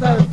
Father.